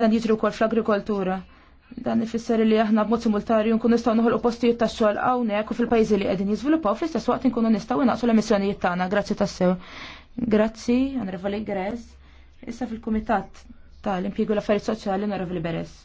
dan jitru wkoll fl-agrikoltura. Dan ifisser li aħna b'mod simultarju nkun nistgħu noħolqu postijiet tax-xogħol hawnhekk u fil-pajjiżi li qegħdin jiżviluppaw fl-istess waqt inkunu nistgħu inaqsu l-emissjonijiet tagħna. Grazzi tassew. Grazzi, Onorevoli Grez. Issa fil-Kumitat tal-Impjiegu l-Affarijiet Soċjali, Onorevoli Beres.